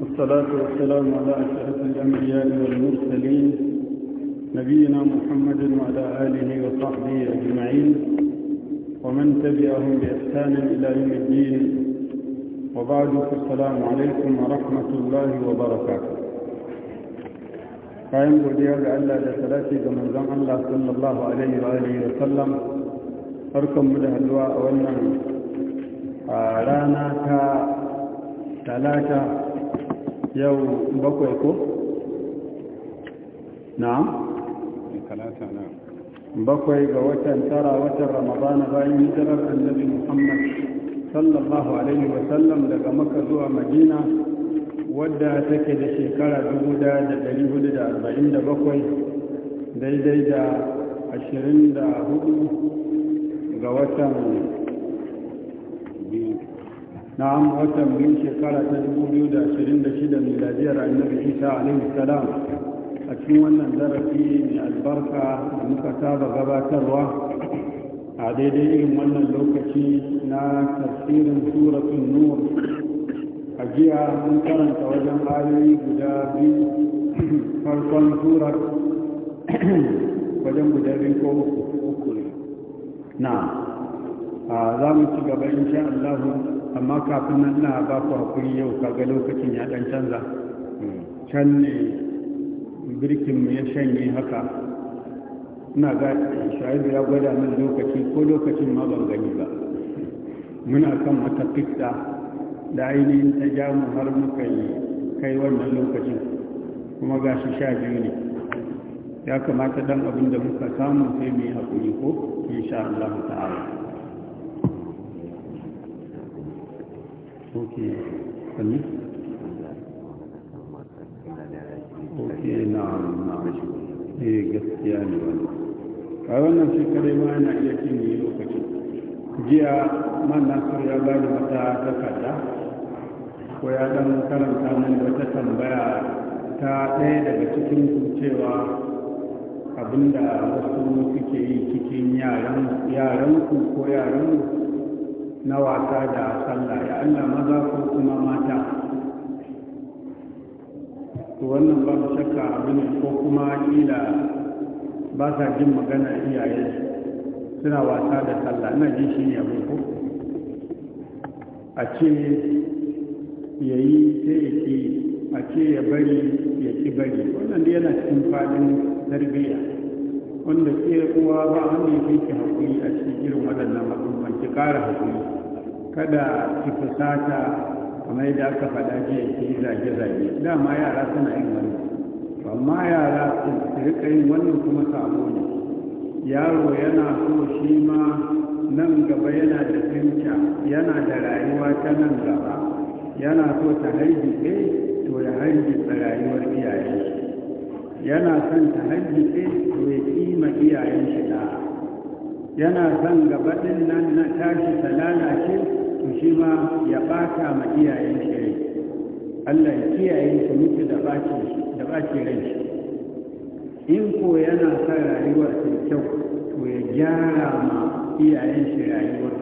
والصلاة والسلام على أشرف الأنبياء والمرسلين نبينا محمد وعلى آله وصحبه أجمعين ومن تبعهم بإحسان إلى يوم الدين وبعد السلام عليكم ورحمة الله وبركاته قائم godiya ga Allah da salati ga manzon Allah وآله وآله wa alihi wa sallam farkon mu da yau bakwai ko? na? bakwai ga watan tara watan ramadana bayan hijirar annabi muhammad sallallahu alaihi wasallam daga maka zuwa madina wadda take da shekara 1447 daidai da 24 ga watan na'am watan biyu shekara ta 2026 miladiyar annabi isa alaihi salam a cikin wannan zarafi mai albarka da muka saba gabatarwa a daidai irin wannan lokaci na tafsirin suratun nur a jiya mun karanta wajen ayoyi guda biyu farkon surar wajen guda biyu ko uku ne na za mu ci gaba insha Allah amma kafin nan na ba ku hakuri yau kaga lokacin ya dan canza can ne birkin ya shanye haka ina ga shahidu ya gwada min lokaci ko lokacin ma ban gani ba muna kan wata fitta da ainihin ta ja mu har muka yi kai wannan lokacin kuma ga shi sha biyu ne ya kamata dan abin da muka samu sai mu yi hakuri ko insha Allah ta'ala ok sannu ok na eh, wannan shekarai ma yana iya cinye lokacin jiya man nasiru ya bani wata takarda ko ya dan karanta min wata tambaya ta ɗaya daga cikin cewa abinda wasu suke yi cikin yaran ku ko yaran ku na wasa da sallah ya Allah maza ko kuma mata wannan ba mu shakka abu ne ko kuma kila ba sa jin magana iyaye suna wasa da sallah ina ji shi ne abu ko a ce ya yi sai ya a ce ya bari ya ki bari wannan da yana cikin fadin tarbiyya wanda ke uwa ba wanda ya fi haƙuri a cikin irin waɗannan matsalolin ki ƙara haƙuri kada ki fusata kamar yadda aka faɗa jiya ki zage-zage dama yara suna yin wannan amma yara su rika yin wannan kuma sabo ne yaro yana so shi ma nan gaba yana da tsinca yana da rayuwa ta nan gaba yana so ta hargitse to ya hargitsa rayuwar iyaye yana son ta hajjike to ya kima iyayen shi da yana son gabaɗin nan na tashi ta lalace to shi ma ya ɓata ma iyayen shi rai allah ya kiyaye shi mutu da ɓace rai shi in ko yana son rayuwar ta kyau to ya gyara ma iyayen shi rayuwar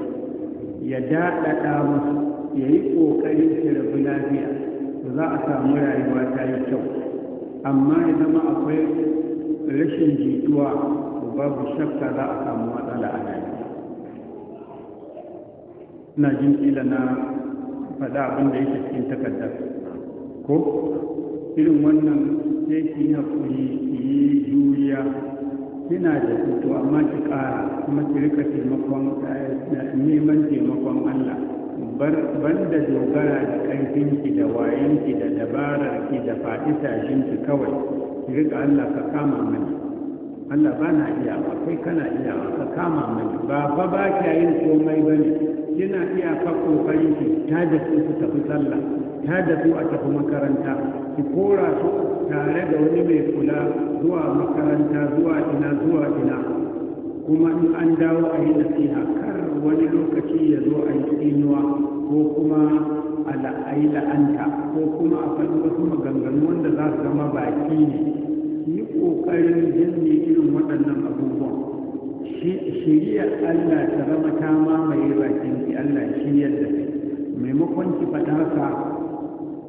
ya daɗaɗa musu ya yi ƙoƙarin shi rabu lafiya za a samu rayuwa ta yi kyau amma idan ma akwai rashin jituwa babu shakka za a samu matsala a nan na jin kila na faɗa abin da yake cikin takardar ko irin wannan sai ki yi hakuri ki yi juriya kina da hutu amma ki ƙara kuma ki rika taimakon eh, neman taimakon allah banda dogara da ƙarfinki da wayanki da dabararki da faɗi tashinki kawai ki Allah ka kama mani Allah ba na iyawa kai kana iyawa ka kama mani ba fa ba kya yin komai ba ne kina iya fa ƙoƙarin ki ta da su su tafi sallah ta da su a tafi makaranta ki kora su tare da wani mai kula zuwa makaranta zuwa ina zuwa ina kuma in an dawo a yi nasiha wani lokaci ya zo a yi tsinuwa ko kuma a yi la'anta ko kuma a faɗi wasu maganganu wanda za su zama baki ne yi ƙoƙarin janye irin waɗannan abubuwan shiriyar allah ta zama ta mamaye bakin ki allah shi yadda maimakon ki faɗa haka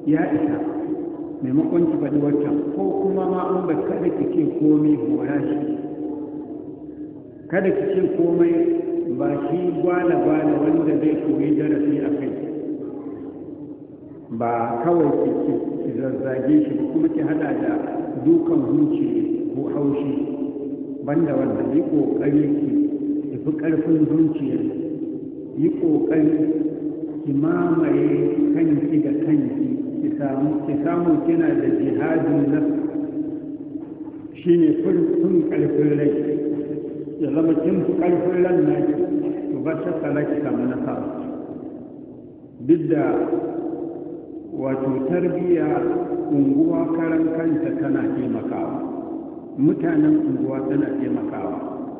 ya isa maimakon ki faɗi wancan ko kuma ma an ba kada ki ce komai hora shi kada ki ce komai ba shi gwala-gwala wanda zai koyi darasi a kai ba kawai ki zazzage shi kuma ki hada da dukan zuci ko haushi banda wanda yi kokari ki tafi karfin zuciyar yi kokari ki mamaye kanki da kanki ki samu kina da jihadin nan ne sun karfin rai ya zama kin ƙarfin ran na ki to ba shakka ki samu nasara duk da wato tarbiyya unguwa karan kanta tana taimakawa mutanen unguwa tana taimakawa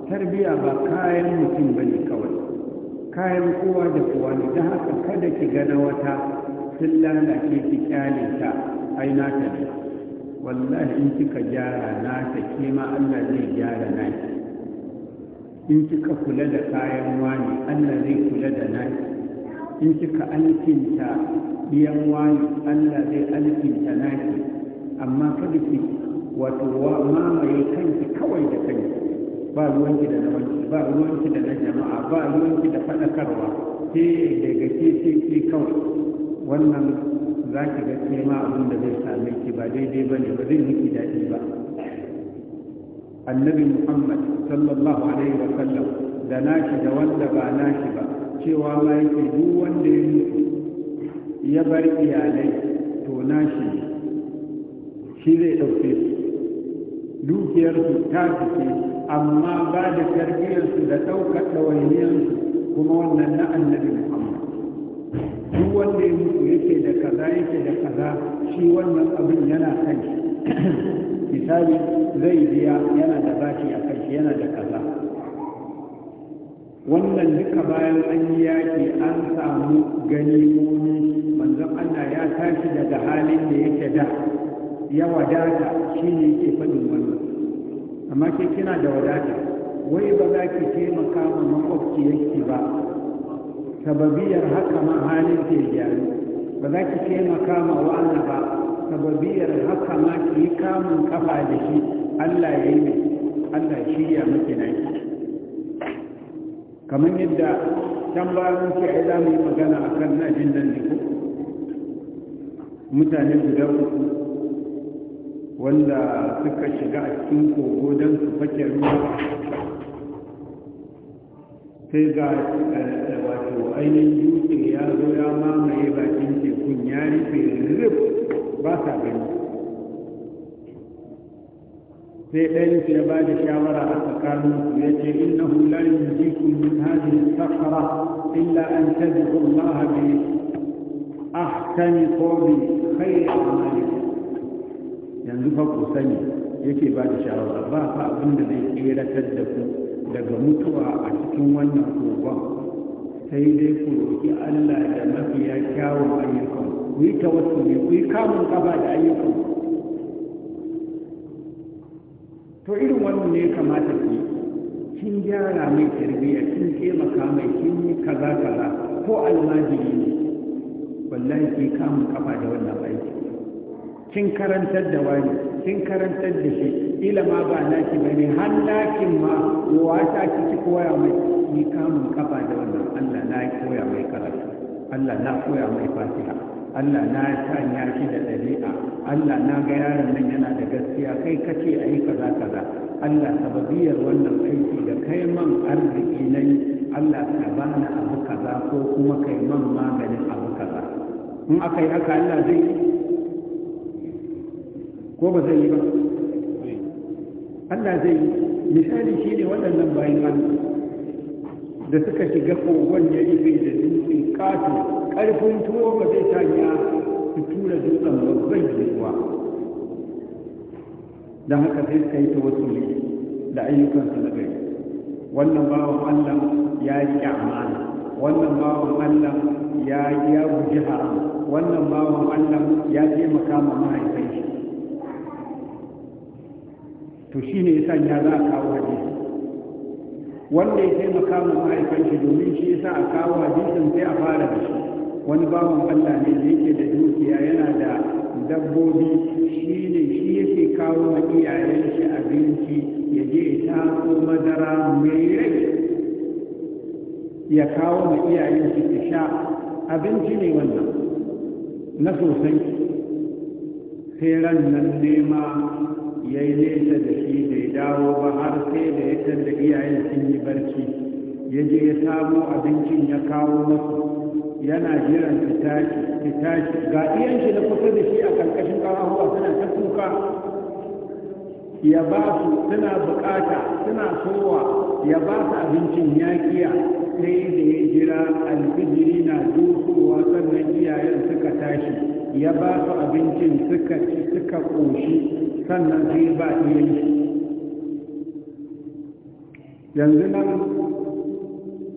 tarbiyya ba kayan mutum ba ne kawai kayan kowa da kowa ne don haka kada ki gana wata sun lalace ki kyale ta ai ne wallahi in kika gyara na ta ke ma Allah zai gyara naki. in kika kula da kayan wani allah zai kula da naki in kika alkinta biyan wani allah zai alkinta naki amma kada ki wato mamaye kanki kawai da kanki ba ruwanki da namanki ba ruwanki da na jama'a ba ruwanki da faɗakarwa ke daga ke ke kawai wannan za ki ga ma abin da zai same ki ba daidai ba ne ba zai miki daɗi ba annabi muhammad sallallahu alaihi wa sallam da nashi da wanda ba nashi ba cewa ma yake duk wanda ya mutu ya bar iyalai to nashi shi zai ɗauke su dukiyarsu ta fice amma ba da tarbiyyarsu da ɗaukar ɗawainiyarsu kuma wannan na annabi muhammad duk wanda ya mutu yake da kaza yake da kaza shi wannan abin yana kan shi misali zai biya yana da bashi a kai yana da kaza wannan duka bayan an yi yaƙi an samu gani ganimomi manzon Allah ya tashi daga halin da yake da ya wadata shi ne yake faɗin wannan amma ke kina da wadata wai ba za ki taimaka ma makwabci yake ba sababiyar haka ma halin ke gyaru ba za ki taimaka ma wa'ana ba sababiyar haka ma ki yi kamun kafa da shi Allah ya yi mai Allah shirya maki na kamar yadda can ba mun ce ai za magana a kan najin nan ne ko mutane guda uku wanda suka shiga a cikin kogo don su fake ruwa sai ga eh, wato ainihin dutse ya zo ya mamaye bakin tekun ya rufe rufe ba sa gani sai ɗayan su ya ba da shawara a tsakanin su ya ce innahu la yunjikum min hadhihi safara illa an tad'u Allah bi ahkami qawli khayri amalikum yanzu fa ku sani yake ba da shawara ba fa abin da zai tseratar da ku daga mutuwa a cikin wannan kogon sai dai ku roƙi Allah da mafiya kyawun ayyukanku ku yi ne ku yi kamun kafa da ayyukan to irin wannan ne kamata yi kin gyara mai tarbiyya kin taimaka mai kin yi kaza kaza ko almajiri ne wallahi ki kamun kafa da wannan aiki kin karantar da wani kin karantar da shi ila ma ba naki bane har nakin ma wata kiki koya mai ki kamun kafa da wannan Allah na koya mai karatu Allah na koya mai fatiha Allah na sanya shi da ɗabi'a Allah na ga yaron nan yana da gaskiya kai kace a yi kaza kaza Allah sababiyar wannan aiki da kai man arziki na yi Allah ka bani abu kaza ko kuma kai man maganin abu kaza in aka yi haka Allah zai ko ba zai yi ba Allah zai yi. misali shi ne waɗannan bayan Allah da suka shiga kogon ya ibe da dutsen katon ƙarfin tuwo ba zai sanya su tura dutsen babban jirwa don haka sai suka yi ne da ayyukansu na gari wannan bawan allah ya yi amana wannan bawan allah ya ya guji haram wannan bawan allah ya taimaka ma mahaifin shi to shine ya sanya za a kawo hadisi wanda ya taimaka ma mahaifin shi domin shi yasa a kawo hadisin sai a fara da shi wani bawan Allah ne da yake da dukiya yana da dabbobi shi ne shi yake kawo wa iyayen shi abinci ya je ya madara mai rai ya kawo wa iyayen shi ta sha abinci ne wannan na sosai sai ran nan nema ya yi nesa da shi bai dawo ba har sai da ya da iyayen sun yi barci ya je ya samo abincin ya kawo masu yana jiran ta tashi ga iyan shi na kusa da shi a karkashin ƙarahuwa suna ta kuka ya ba su suna bukata suna sowa ya ba su abincin yakiya sai da ya jira alfijiri na dukowa sannan iyayen suka tashi ya ba su abincin suka ci suka ƙoshi sannan sai ba iyan yanzu nan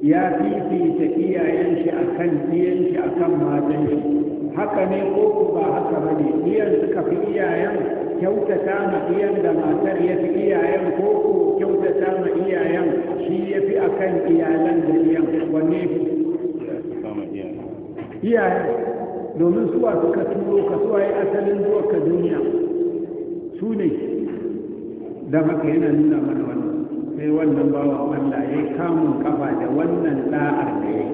ya fifita iyayen shi kan iyan shi kan matan shi haka ne ko ba haka ba ne iyan suka fi iyayen kyautata ma iyan da matar ya fi iyayen ko ko kyautata ma iyayen shi ya fi akan iyalan da iyan wanne iyayen domin suwa suka turo ka suwa yi asalin zuwa ka duniya su ne da haka yana nuna mana sai wannan bawa Allah ya kamun kafa da wannan da'ar da ya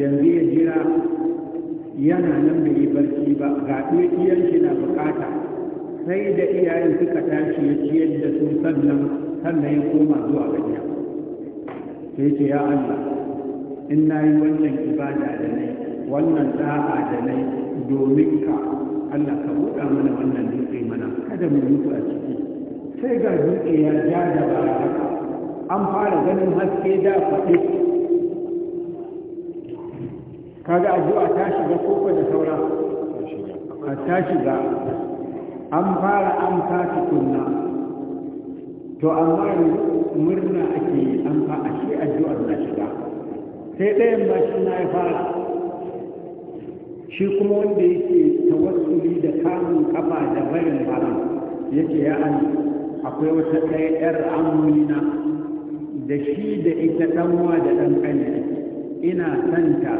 yanzu ya jira yana nan bai yi barci ba ga iyayen shi na bukata sai da iyayen suka tashi ya ciyar da su sannan sannan ya koma zuwa gajiya. gida sai ce ya Allah in na yi wannan ibada da nai wannan da'a da nai domin ka Allah ka buɗa mana wannan dutse mana kada mu mutu a ciki sai ga dutse ya ja da baya an fara ganin haske da faɗi kaga addu'a ta shiga koko da saura a ta shiga an fara an ta kunna. to amma murna ake an fa shi addu'ar na shiga sai ɗayan ba shi na ya fara shi kuma wanda yake tawassuli da kamun kafa da barin haram yake ya an akwai wata ɗaya 'yar amulina da shi da ita ɗanwa da ɗan ƙani ina santa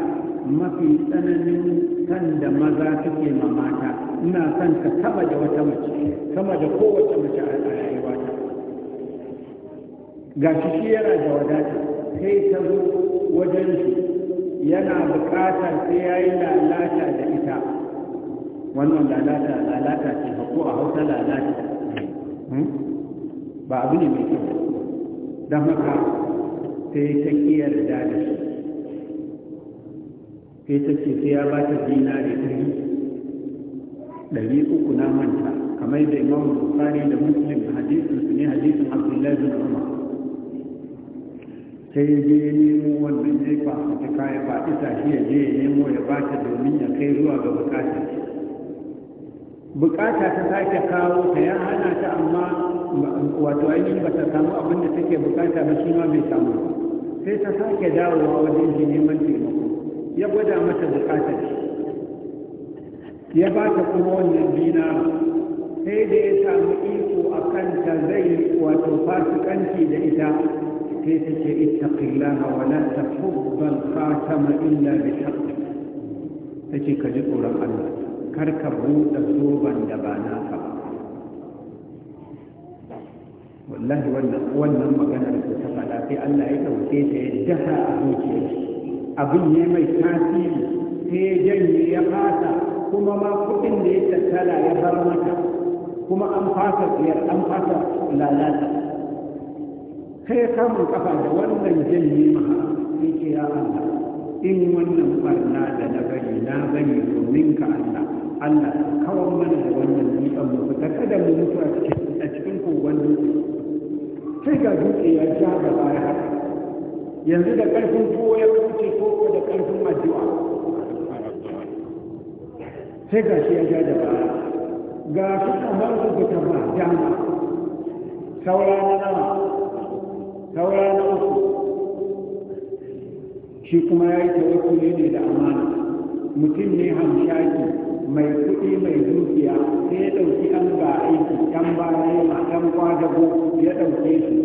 mafi tsananin san da maza suke ma mata ina santa sama da wata mace sama da kowace mace a rayuwata ga shi shi yana da wadata sai ta zo wajen shi yana buƙatar sai ya yi lalata da ita wannan lalata lalata ce ba ko a hausa lalata hmm? ba abu ne mai kyau don haka sai ta kiyar da da shi sai ta ce sai ya ba ta dinari ɗari ɗari uku na manta kamar da imam bukari da muslim hadisun su ne hadisun abdullahi bin umar sai ya je ya nemo wannan jefa ta kaya ba ita shi ya je ya nemo ya ba ta domin ya kai zuwa ga bukatar shi bukata ta sake kawo ta ya hana ta amma wato ainihin ba ta samu abin da take bukata ba shi ma bai samu sai ta sake dawowa wajen shi neman taimako ya gwada mata bukatar shi ya ba ta kuma wannan dina sai da ya samu iko a kanta zai wato fasikanci da ita sai ta ce ittaqillaha wa ban fata khatama illa shakka Ta ce ka ji tsoron Allah karka buɗe zoban da ba naka ba wallahi wannan maganar da ta faɗa sai Allah ya ɗauke ta ya dasa a zuciyar abin ne mai tasiri sai ya janye ya fasa kuma ma kuɗin da ya tattala ya bar mata kuma an fasa tsayar an fasa lalata sai ya samu kafa da wannan janye ma sai ke ya Allah in wannan barna da na bari na bari domin ka Allah Allah kawar mana da wannan dutsen mu fita kada mu mutu a cikin kogon dutse sai ga dutse ya ja da baya yanzu da ƙarfin tuwo ya kauce ko da ƙarfin addu'a sai ga shi ya ja da baya ga su kamar su fita ba dama saura na nawa saura na uku shi kuma ya yi tawakkuli ne da amana mutum ne hamshaki mai kuɗi mai dukiya sai ya ɗauki an ba aiki ɗan ba nema ɗan kwadago ya ɗauke shi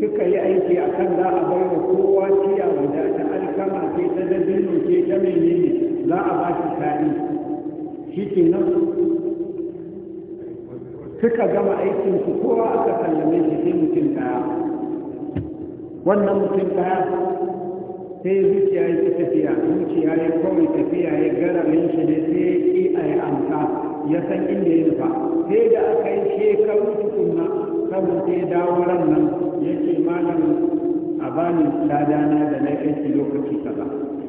suka yi aiki a kan za a bai wa kowa ciya guda ta alkama ce ta dabino ce ta menene za a ba shi kaɗi shi ke nan suka gama aikin su kowa aka sallame shi sai mutum ɗaya wannan mutum ɗaya sai zuciya ya tafiya zuciya ya kawai tafiya ya gara mai shi ne sai ya a yi amsa ya san inda ya nufa sai da aka yi shekaru tukunna saboda ya dawo ran nan ya ce malam a bani ladana da na aiki lokaci kaza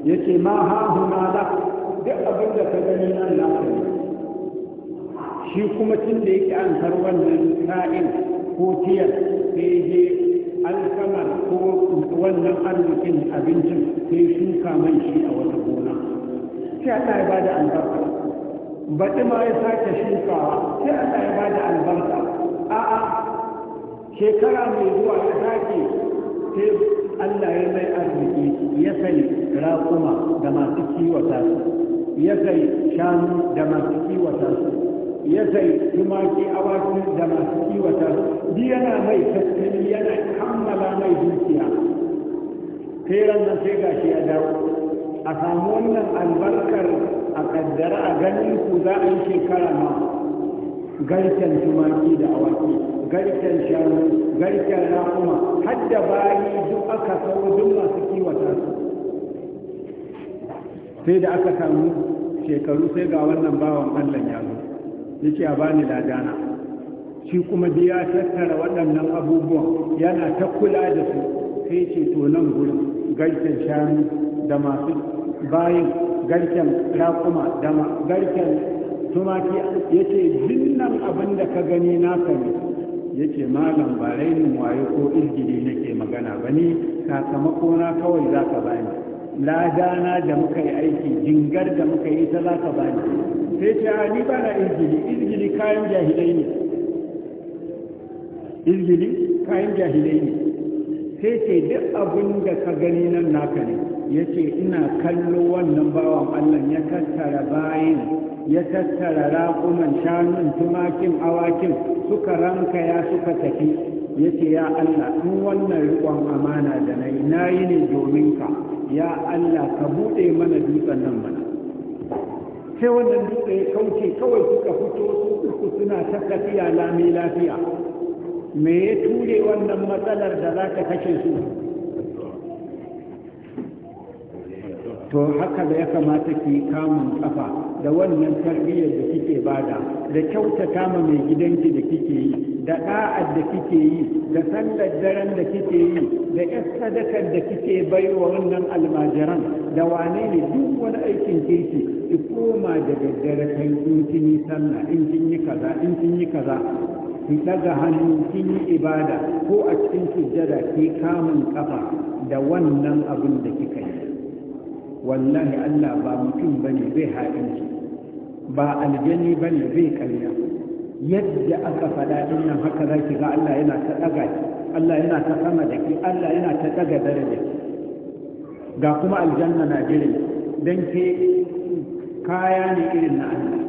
ya ce ma ha huna la duk abin da ka gani nan lafiya shi kuma tun da yake an wannan ta'in ko tiyar sai je alka wannan arzikin abincin sai shuka man shi a wata gona sai Allah ya bada albarka baɗi ma ya sake shuka sai Allah ya bada albarka a'a shekara mai zuwa ya sake sai Allah ya mai arziki ya sai raƙuma da masu kiwata su ya sai shanu da masu kiwata su ya sai tumaki awaki da masu kiwata su yana mai tattali yana kammala mai dukiya Feran nan sai ga shi ya dawo a samu wannan albarkar a kaddara a ganin ku za a yi shekara ma garken tumaki da awaki garken shanu garken raƙuma har da bayi duk aka sau duk masu kiwata su sai da aka samu shekaru sai ga wannan bawan allah ya zo yake a bani ladana shi kuma da ya tattara waɗannan abubuwan yana ta kula da su sai ce to nan gurin garken shanu da masu bayin garken raƙuma da garken tumaki ya ce jinnan abin da ka gani na ne ya ce malam ba rainin waye ko na nake magana ba ni sakamako na kawai za ka bani ladana da muka yi aiki jingar da muka yi ta za ka bani sai ce a ni ba na izgili kayan jahilai ne kayan jahilai ne sai ce duk abin da ka gani nan naka ne ya ce ina kallo wannan bawan allah ya tattara bayan ya tattara raƙuman shanun tumakin awakin suka ranka ya suka tafi ya ce ya allah in wannan riƙon amana da na yi na yi ne domin ka ya allah ka buɗe mana dutsen nan mana sai wannan dutse ya kauce kawai suka fito su uku suna ta tafiya lami lafiya me ya ture wannan matsalar da za ka kashe su to haka da ya kamata ki kamun kafa da wannan tarbiyyar da kike bada da kyautata ma mai gidanki da kike yi da da'ar da kike yi da sallar daren da kike yi da yar sadakar da kike bai wa wannan almajiran da wane ne duk wani aikin kirki ki koma da daddare kan in kin yi in kin yi kaza in kin yi kaza ki daga hannu kin yi ibada ko a cikin sujjada ki kamun kafa da wannan abin da kika yi wallahi Allah ba mutum bane bai haɗin ba aljani bane bai karya yadda aka faɗa din nan haka za ki ga Allah yana ta daga ki Allah yana ta sama da ki Allah yana ta daga daraja ga kuma aljanna na jirin dan ke kaya ne irin na Allah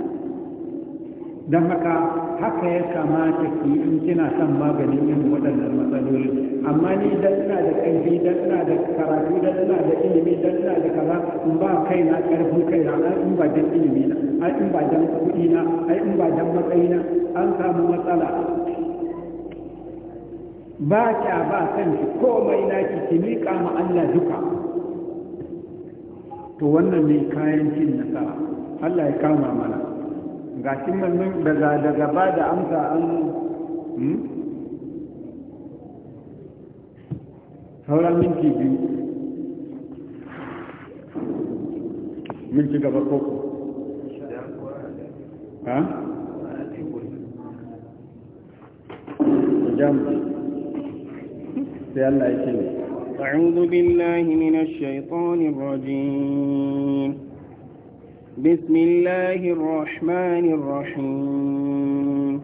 don haka haka ya kamata ki in kina son maganin yin waɗannan matsaloli amma ni dan ina da ƙarfi dan ina da karatu dan ina da ilimi dan ina da kaza in ba na ƙarfin kai na in ba dan ilimi na ai in ba dan kuɗi na ai in ba dan matsayi na an samu matsala ba kya ba san ki komai na ki ki miƙa ma Allah duka to wannan ne kayan cin nasara Allah ya kama mana ga shi manzon daga daga ba da amsa an hmm? sauran minti biyu minti gaba koko ha? jamus sai Allah ya ce أعوذ بالله من الشيطان الرجيم بسم الله الرحمن الرحيم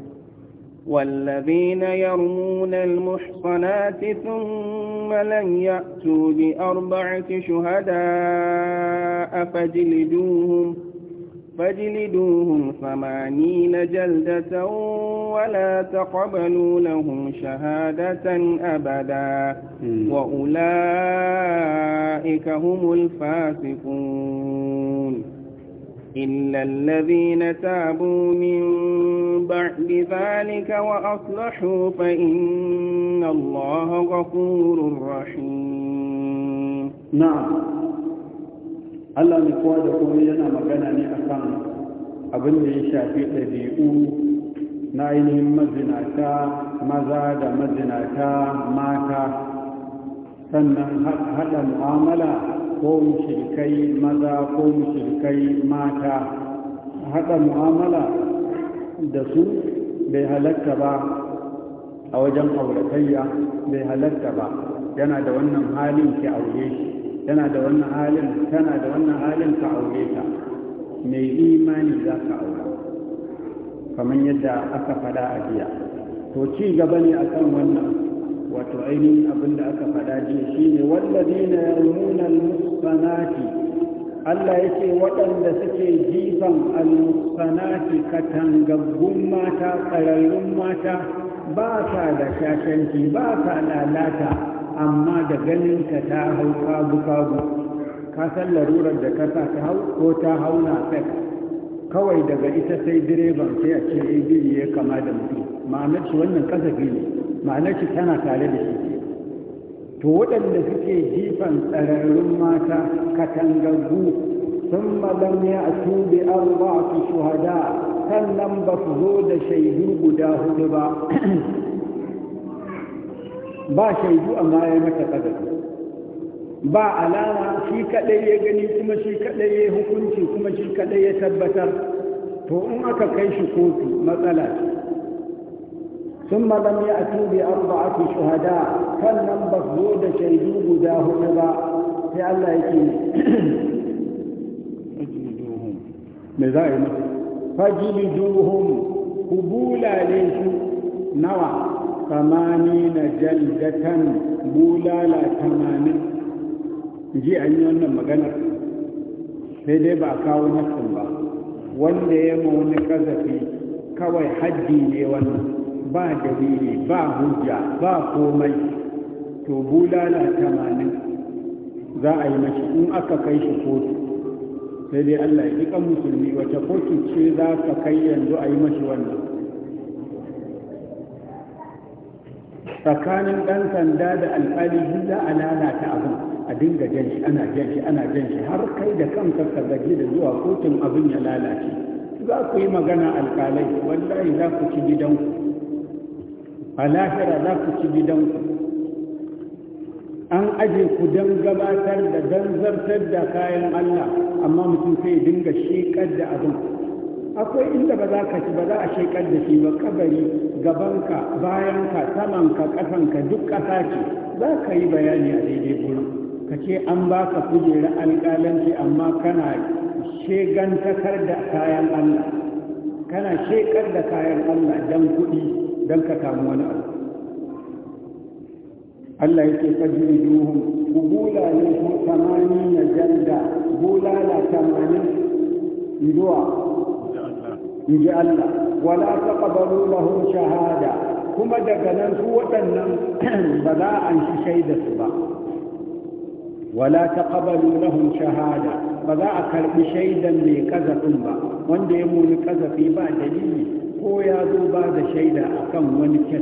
والذين يرمون المحصنات ثم لن يأتوا بأربعة شهداء فاجلدوهم فاجلدوهم ثمانين جلدة ولا تقبلوا لهم شهادة أبدا وأولئك هم الفاسقون إلا الذين تابوا من بعد ذلك وأصلحوا فإن الله غفور رحيم نعم الله نقوادكم لنا مكانني أسان أبن يشاء في تذيئو نعينهم مزناتا مزاد مزناتا ماتا سنة هذا معاملة ko mushrikai maza ko mushrikai mata haɗa mu'amala da su bai halatta ba a wajen auratayya bai halatta ba yana da wannan halin ki aure shi yana da wannan halin tana da wannan halin ka aure ta mai imani za ka aura kamar yadda aka faɗa a jiya to ci gaba ne a kan wannan wato ainihin abin da aka faɗa jiya shine wallazina yarmuna al-muhsanati Allah ya ce waɗanda suke jifan al musanati katangaggun mata ƙararrun mata ba sa da shashanci ba sa lalata amma da ganin ka ta hau kagu kagu ka san larurar da ka sa ta hau ko ta hau na sex kawai daga ita sai direban sai a ce eh, ya kama da mutum ma'amarci shi wannan kasafi ne ma'anar shi tana tare da shi to waɗanda suke jifan tsararrun mata katangaggu sun malamya a tube ba su shuhada sannan ba su zo da shaidu guda hudu ba ba shaidu amma ya mata ƙadar ba alama shi kaɗai ya gani kuma shi kaɗai ya hukunci kuma shi kaɗai ya tabbatar to in aka kai shi kotu matsala ce ثم لم يأتوا بأربعة شهداء فلم بفضود شيدو بداه نبا في الله يكين مزايم فجلدوهم قبولا ليش نوى ثمانين جلدة بولالا ثمانين جي أن يونا مغنى سيدي بأكاو نفسهم با wanda ya ma wani kazafi kawai haddi ne wannan ba dalili ba hujja ba komai to bulala tamanin za a yi mashi in aka kai shi kotu sai dai allah ya jiƙa musulmi wace kotu ce za ka kai yanzu a yi mashi wannan tsakanin ɗan sanda da alƙali za a lalata abin a dinga jan shi ana jan shi ana jan shi har kai da kanka ka gaji da zuwa kotun abin ya lalace za ku yi magana alƙalai wallahi za ku ci gidanku a lahira za ku ci gidanku an aje ku don gabatar da don zartar da kayan Allah amma mutum sai dinga shekar da abin akwai inda ba za ka ci ba za a shekar da shi ba kabari gabanka bayanka samanka kasanka, duk kasa ce za ka yi bayani a daidai gurin ka ce an baka kujera alƙalanci amma kana shegantakar da kayan Allah kana shekar da kayan Allah don kuɗi don ka samu wani abu Allah yake fajiri duhun ku bula bulale ku tamani na janda bulala tamanin zuwa in ji Allah wala ta ƙabaru lahum shahada kuma daga nan su waɗannan ba za a shi shaida su ba wala ta ƙabaru lahum shahada ba za a karɓi shaidan mai ƙazafin ba wanda ya muni ƙazafi ba dalili ko ya zo ba da shaida a kan wani kes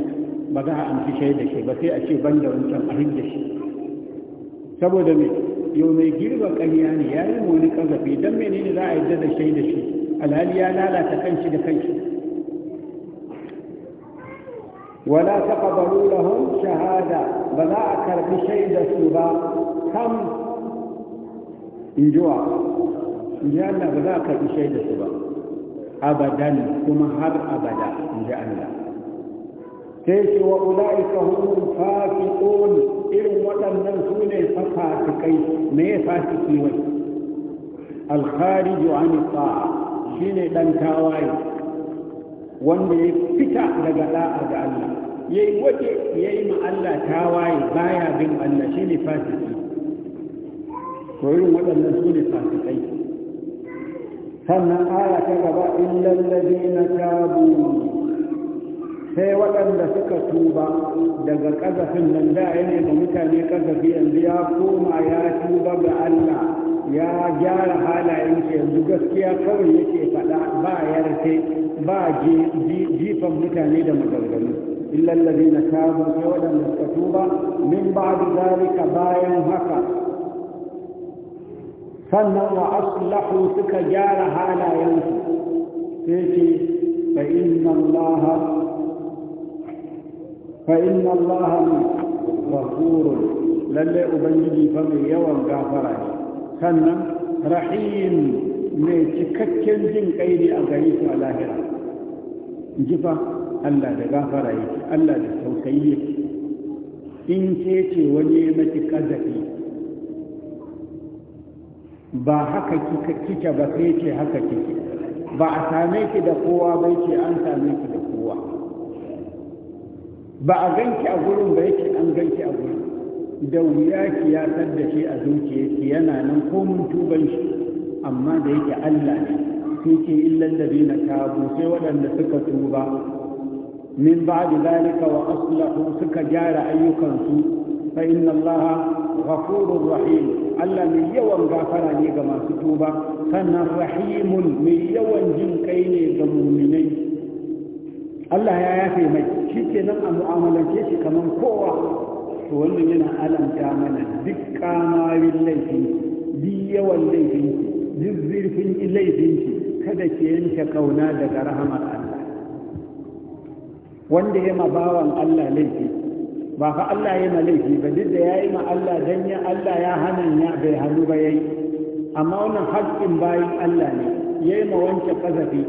ba za a amfi shaida shi ba sai a ce ban da wancan a da shi saboda me yau mai girba ƙarya ne ya yi wani ƙazafi don ne za a yarda da shaida shi alhali ya lalata kanshi da kanshi wala taqbalu lahum shahada ba za a karbi shaida su ba kam injuwa inji Allah ba za a karbi shaida su ba abadan kuma har abada in ji Allah sai shi wa ula'ika hum fasiqun irin waɗannan su ne kai, me fasiki wai al kharij an ta'a shine ɗan tawaye wanda ya fita daga da'a da Allah Ya yayi waje yayi ma Allah tawaye baya bin Allah Shi shine fasiki to irin waɗannan su ne kai. sannan aya ta gaba illal na tabu sai waɗanda suka tuba daga ƙazafin nan da ne da mutane ƙazafi yanzu ya koma ya tuba ga Allah ya gyara halayen shi yanzu gaskiya kawai yake faɗa ba yarfe ba jifan mutane da maganganu illal na tabu sai waɗanda suka tuba min ba'd zarika bayan haka sannan wa aslahu suka gyara halayensu sai ce fa inna Allah fa inna Allah ghafurun lalle ubangiji fa mai yawan gafara ne sannan rahim mai cikakken jin kai a gare su a lahira jifa Allah da gafara yake Allah da tausayi in ce ce wani ya maki kazafi ba haka kike ba sai ce haka kike ba a same ki da kowa ba ce an same ki da kowa ba a ganki a gurin ba yake an ganki a gurin da wuya ki ya san da shi a zuciyarki yana nan ko mun tuban shi amma da yake Allah ne sai ke illan da bi na tabu sai waɗanda suka tuba min ba da zalika wa aslahu suka gyara ayyukansu fa inna allaha ghafurur rahim Allah mai yawan gafara ne ga masu tuba sannan rahimun mai yawan jin kai ne ga muminai Allah ya yafe mai shi kenan a mu'amalance shi kamar kowa to wannan yana alamta mana duk kamarin laifin duk yawan laifin duk zurfin laifin kada ke yanke kauna daga rahamar Allah wanda ya ma bawan Allah laifi ba fa Allah ya ma laifi ba duk da yayi ma Allah dan ya Allah ya hana ya bai hannu ba yayi amma wannan haƙƙin bayin Allah ne yayi ma wanke kazafi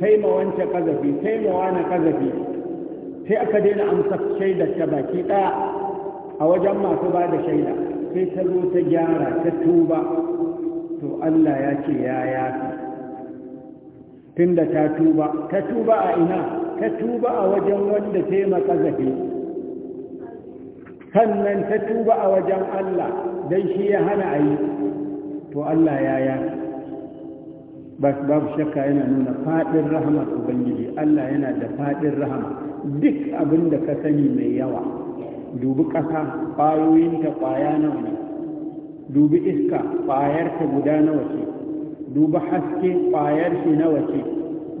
kai ma wanke kazafi kai ma wani kazafi sai aka daina amsa shaida ta baki daya a wajen masu ba da shaida sai ta zo ta gyara ta tuba to Allah ya ce ya yafi tunda ta tuba ta tuba a ina ta tuba a wajen wanda taimaka zafi sannan ta tuba a wajen Allah don shi ya hana a yi to Allah ya ya babu shakka yana nuna faɗin rahamar ubangiji Allah yana da faɗin rahama duk abin da ka sani mai yawa dubi ƙasa ƙwayoyinta ƙwaya nawa ne dubi iska ƙwayarta guda nawa ce dubi haske ƙwayar shi nawa ce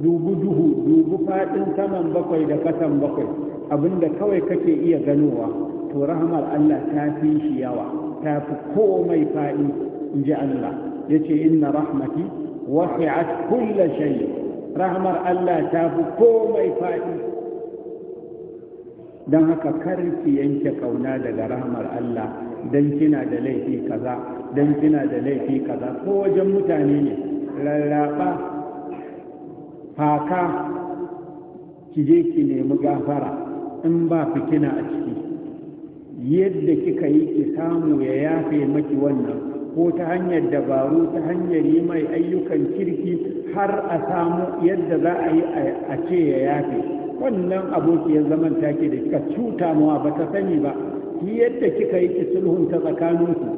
dubi duhu dubi faɗin saman bakwai da kasan bakwai abinda kawai kake iya ganowa to rahamar Allah ta fi shi yawa ta fi komai faɗi in ji Allah ya ce inna rahmati wasi'at kulla shay Rahmar Allah ta fi komai faɗi don haka kar ki yanke kauna daga rahmar Allah don kina da laifi kaza don kina da laifi kaza ko wajen mutane ne rarraba faka, ki je ki nemi gafara in ba fitina a ciki yadda kika yi ki samu ya yafe maki wannan ko ta hanyar dabaru ta hanyar yi mai ayyukan kirki har a samu yadda za a yi a ce ya yafe wannan abokiyar zaman take da kika cuta mawa ba ta sani ba ki yadda kika yi ki sulhunta tsakaninku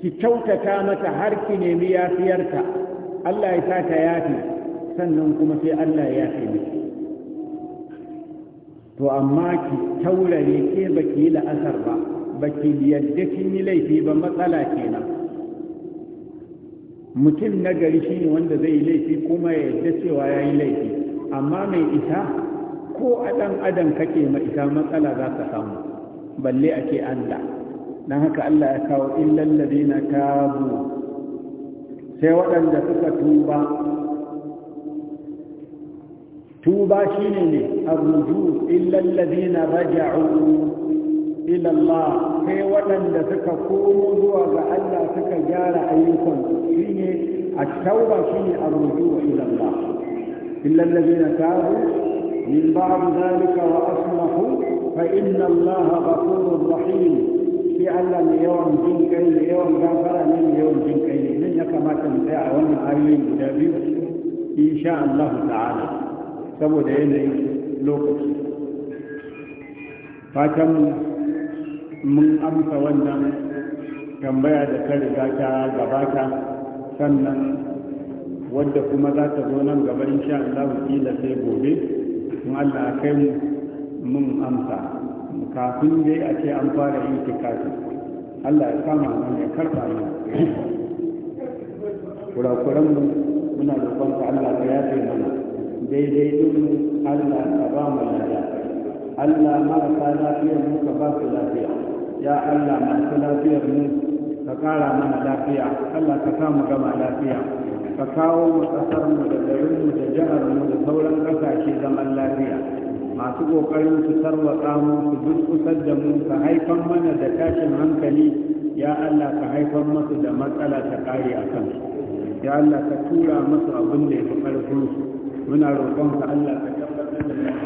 ki kyautata mata har ki nemi yafiyarta Allah ya sa ta yafe sannan kuma sai Allah ya yafe miki to amma ki taurare ke baki yi la'asar ba baki yadda kin yi laifi ba matsala kenan mutum na gari shi ne wanda zai yi laifi kuma ya yadda cewa ya yi laifi amma mai isa ko a ɗan adam kake ma isa matsala za ka samu balle a ce allah don haka allah ya kawo na tabu sai waɗanda suka tuba توبا شيني الرجوع إلا الذين رجعوا إلى الله في ولن لسك كوموا وألا سك جار أيكم شيني التوبة شيني الرجوع إلى الله إلا الذين تابوا من بعد ذلك وأصلحوا فإن الله غفور رحيم في ألا اليوم جنك اليوم غفر من يوم جنك من يكما تنفع ومن أيين إن شاء الله تعالى saboda yanayin lokaci fatan mun amsa wannan tambaya da ta riga ta gabata sannan wadda kuma za ta zo nan gaba insha Allah kila sai gobe in Allah kai mu mun amsa kafin dai a ce an fara yin tikafi Allah ya kama mu ya karba mu kurakuran mu muna roƙon Allah ya yafe mana daidai duhu Allah ka ba mu lafiya Allah marasa lafiyar mu ka ba su lafiya ya Allah masu lafiyar mu ka ƙara mana lafiya Allah ka samu gama lafiya ka kawo mu ƙasar mu da garin mu da jihar mu da sauran ƙasashe zaman lafiya masu ƙoƙarin su tarwatsa mu su duskusar da mu ka haifan mana da tashin hankali ya Allah ka haifan masu da matsala ta ƙare a kan ya Allah ka tura masu abin da ya fi ƙarfin su muna roƙon ka Allah ka tabbatar da